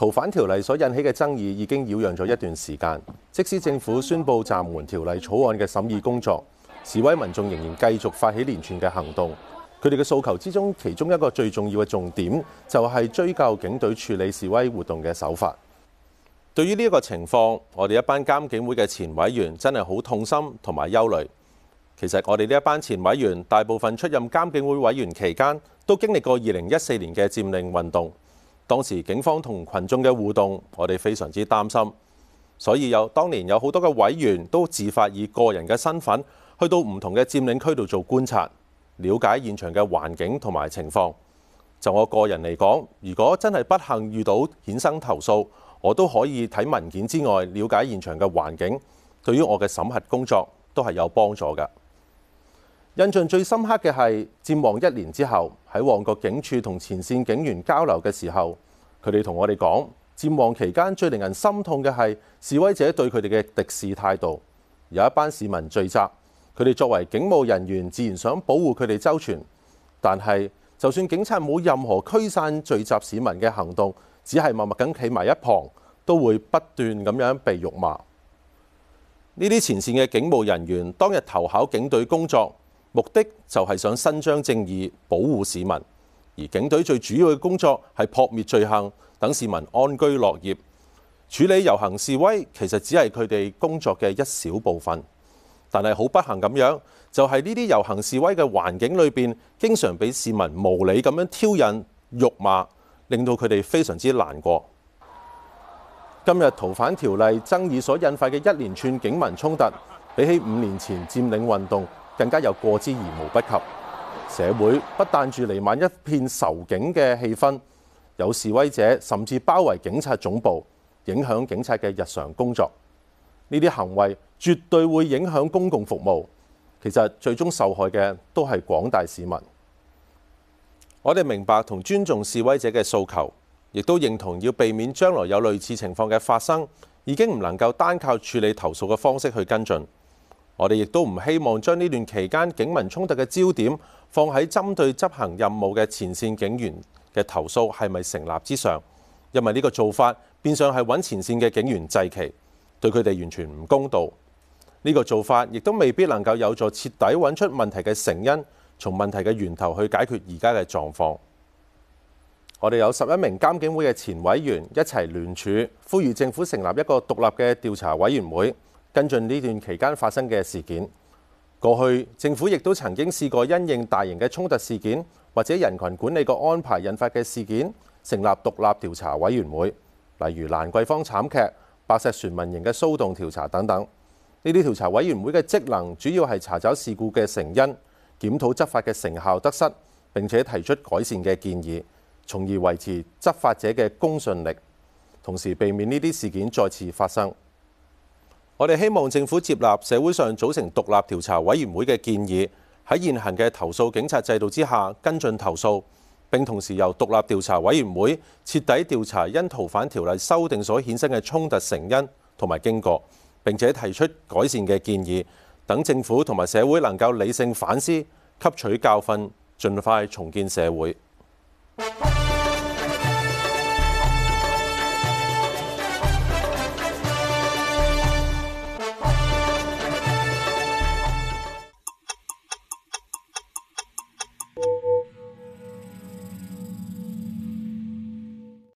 逃犯條例所引起嘅爭議已經擾攘咗一段時間，即使政府宣布暫緩條例草案嘅審議工作，示威民眾仍然繼續發起連串嘅行動。佢哋嘅訴求之中，其中一個最重要嘅重點就係追究警隊處理示威活動嘅手法。對於呢一個情況，我哋一班監警會嘅前委員真係好痛心同埋憂慮。其實我哋呢一班前委員大部分出任監警會委員期間都經歷過二零一四年嘅佔領運動。當時警方同群眾嘅互動，我哋非常之擔心，所以有當年有好多嘅委員都自發以個人嘅身份去到唔同嘅佔領區度做觀察，了解現場嘅環境同埋情況。就我個人嚟講，如果真係不幸遇到衍生投訴，我都可以睇文件之外，了解現場嘅環境，對於我嘅審核工作都係有幫助嘅。印象最深刻嘅係佔旺一年之後，喺旺角警署同前線警員交流嘅時候，佢哋同我哋講，佔旺期間最令人心痛嘅係示威者對佢哋嘅敵視態度。有一班市民聚集，佢哋作為警務人員，自然想保護佢哋周全，但係就算警察冇任何驅散聚集市民嘅行動，只係默默咁企埋一旁，都會不斷咁樣被辱罵。呢啲前線嘅警務人員當日投考警隊工作。目的就係想伸張正義，保護市民。而警隊最主要嘅工作係撲滅罪行，等市民安居樂業。處理遊行示威其實只係佢哋工作嘅一小部分，但係好不幸咁樣，就係呢啲遊行示威嘅環境裏面，經常俾市民無理咁樣挑釁辱罵，令到佢哋非常之難過。今日逃犯條例爭議所引發嘅一連串警民衝突，比起五年前佔領運動，更加有過之而無不及，社會不但住瀰漫一片仇警嘅氣氛，有示威者甚至包圍警察總部，影響警察嘅日常工作。呢啲行為絕對會影響公共服務，其實最終受害嘅都係廣大市民。我哋明白同尊重示威者嘅訴求，亦都認同要避免將來有類似情況嘅發生，已經唔能夠單靠處理投訴嘅方式去跟進。我哋亦都唔希望將呢段期間警民衝突嘅焦點放喺針對執行任務嘅前線警員嘅投訴係咪成立之上，因為呢個做法變相係揾前線嘅警員祭旗，對佢哋完全唔公道。呢個做法亦都未必能夠有助徹底揾出問題嘅成因，從問題嘅源頭去解決而家嘅狀況。我哋有十一名監警會嘅前委員一齊聯署，呼籲政府成立一個獨立嘅調查委員會。跟進呢段期間發生嘅事件，過去政府亦都曾經試過因應大型嘅衝突事件或者人群管理個安排引發嘅事件，成立獨立調查委員會，例如蘭桂坊慘劇、白石船民營嘅騷動調查等等。呢啲調查委員會嘅職能主要係查找事故嘅成因、檢討執法嘅成效得失，並且提出改善嘅建議，從而維持執法者嘅公信力，同時避免呢啲事件再次發生。我哋希望政府接納社會上組成獨立調查委員會嘅建議，喺現行嘅投訴警察制度之下跟進投訴，並同時由獨立調查委員會徹底調查因逃犯條例修訂所衍生嘅衝突成因同埋經過，並且提出改善嘅建議，等政府同埋社會能夠理性反思、吸取教訓，盡快重建社會。